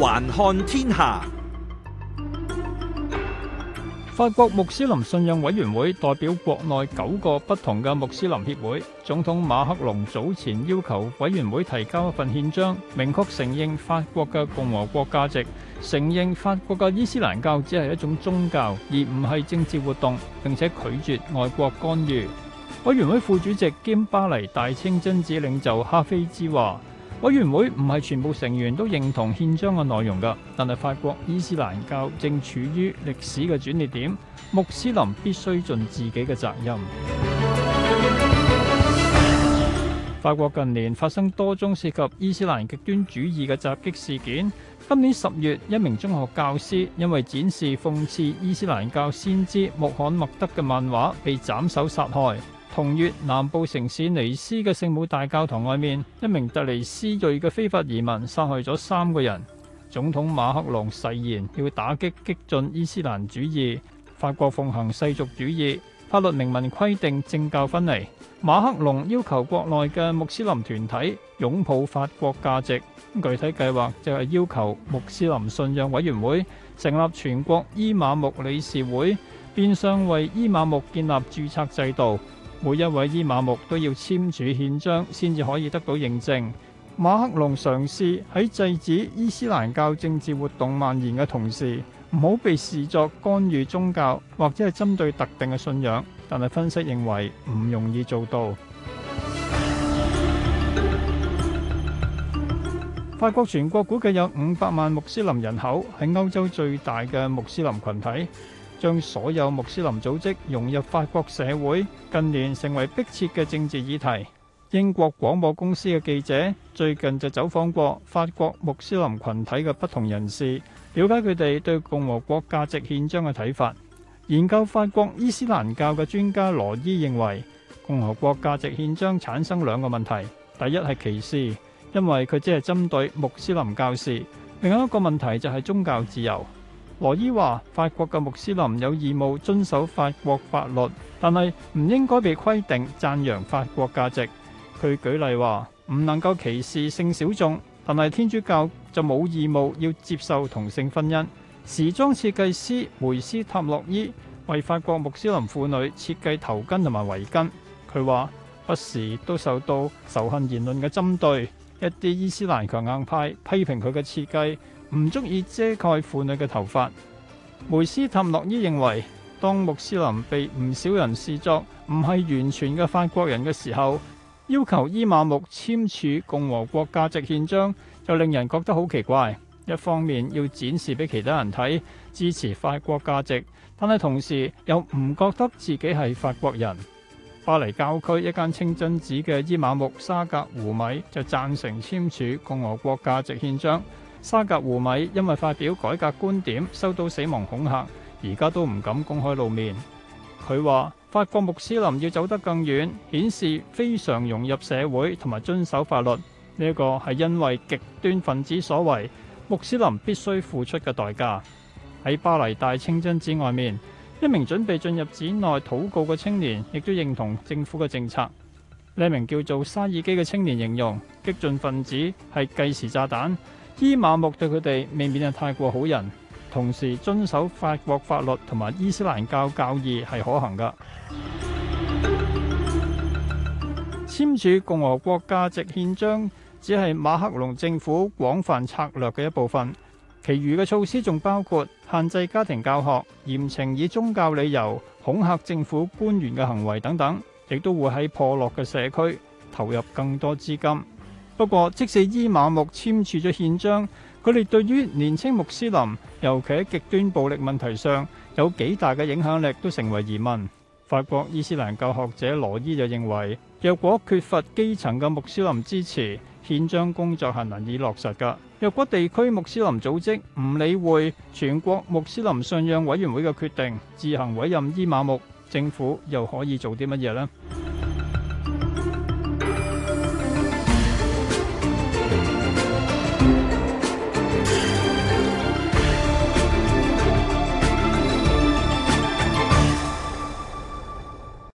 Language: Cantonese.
環看天下，法國穆斯林信仰委員會代表國內九個不同嘅穆斯林協會。總統馬克龍早前要求委員會提交一份憲章，明確承認法國嘅共和國價值，承認法國嘅伊斯蘭教只係一種宗教，而唔係政治活動，並且拒絕外國干預。委員會副主席兼巴黎大清真寺領袖哈菲茲話。委員會唔係全部成員都認同憲章嘅內容噶，但係法國伊斯蘭教正處於歷史嘅轉捩點，穆斯林必須盡自己嘅責任。法國近年發生多宗涉及伊斯蘭極端主義嘅襲擊事件，今年十月，一名中學教師因為展示諷刺伊斯蘭教先知穆罕默德嘅漫畫，被斬首殺害。同月南部城市尼斯嘅聖母大教堂外面，一名突尼斯裔嘅非法移民殺害咗三個人。總統馬克龍誓言要打擊激進伊斯蘭主義。法國奉行世俗主義，法律明文規定政教分離。馬克龍要求國內嘅穆斯林團體擁抱法國價值。具體計劃就係要求穆斯林信仰委員會成立全國伊瑪目理事會，變相為伊瑪目建立註冊制度。每一位伊馬木都要簽署憲章，先至可以得到認證。馬克龍嘗試喺制止伊斯蘭教政治活動蔓延嘅同時，唔好被視作干預宗教或者係針對特定嘅信仰，但係分析認為唔容易做到。法國全國估計有五百萬穆斯林人口，係歐洲最大嘅穆斯林群體。將所有穆斯林組織羅伊話：法國嘅穆斯林有義務遵守法國法律，但係唔應該被規定讚揚法國價值。佢舉例話：唔能夠歧視性小眾，但係天主教就冇義務要接受同性婚姻。時裝設計師梅斯塔洛伊為法國穆斯林婦女設計頭巾同埋圍巾。佢話不時都受到仇恨言論嘅針對，一啲伊斯蘭強硬派批評佢嘅設計。唔足以遮蓋婦女嘅頭髮。梅斯塔諾伊認為，當穆斯林被唔少人視作唔係完全嘅法國人嘅時候，要求伊馬木簽署共和國價值憲章就令人覺得好奇怪。一方面要展示俾其他人睇支持法國價值，但係同時又唔覺得自己係法國人。巴黎郊區一間清真寺嘅伊馬木沙格胡米就贊成簽署共和國價值憲章。沙格胡米因為發表改革觀點，收到死亡恐嚇，而家都唔敢公開露面。佢話法國穆斯林要走得更遠，顯示非常融入社會同埋遵守法律。呢個係因為極端分子所為，穆斯林必須付出嘅代價。喺巴黎大清真寺外面，一名準備進入寺內禱告嘅青年亦都認同政府嘅政策。呢名叫做沙爾基嘅青年形容激進分子係計時炸彈。伊馬木對佢哋未免係太過好人，同時遵守法國法律同埋伊斯蘭教教義係可行㗎。簽署共和國價值憲章只係馬克龍政府廣泛策略嘅一部分，其餘嘅措施仲包括限制家庭教學、嚴懲以宗教理由恐嚇政府官員嘅行為等等，亦都會喺破落嘅社區投入更多資金。不過，即使伊馬木簽署咗憲章，佢哋對於年輕穆斯林，尤其喺極端暴力問題上，有幾大嘅影響力，都成為疑問。法國伊斯蘭教學者羅伊就認為，若果缺乏基層嘅穆斯林支持，憲章工作係難以落實㗎。若果地區穆斯林組織唔理會全國穆斯林信仰委員會嘅決定，自行委任伊馬木，政府又可以做啲乜嘢呢？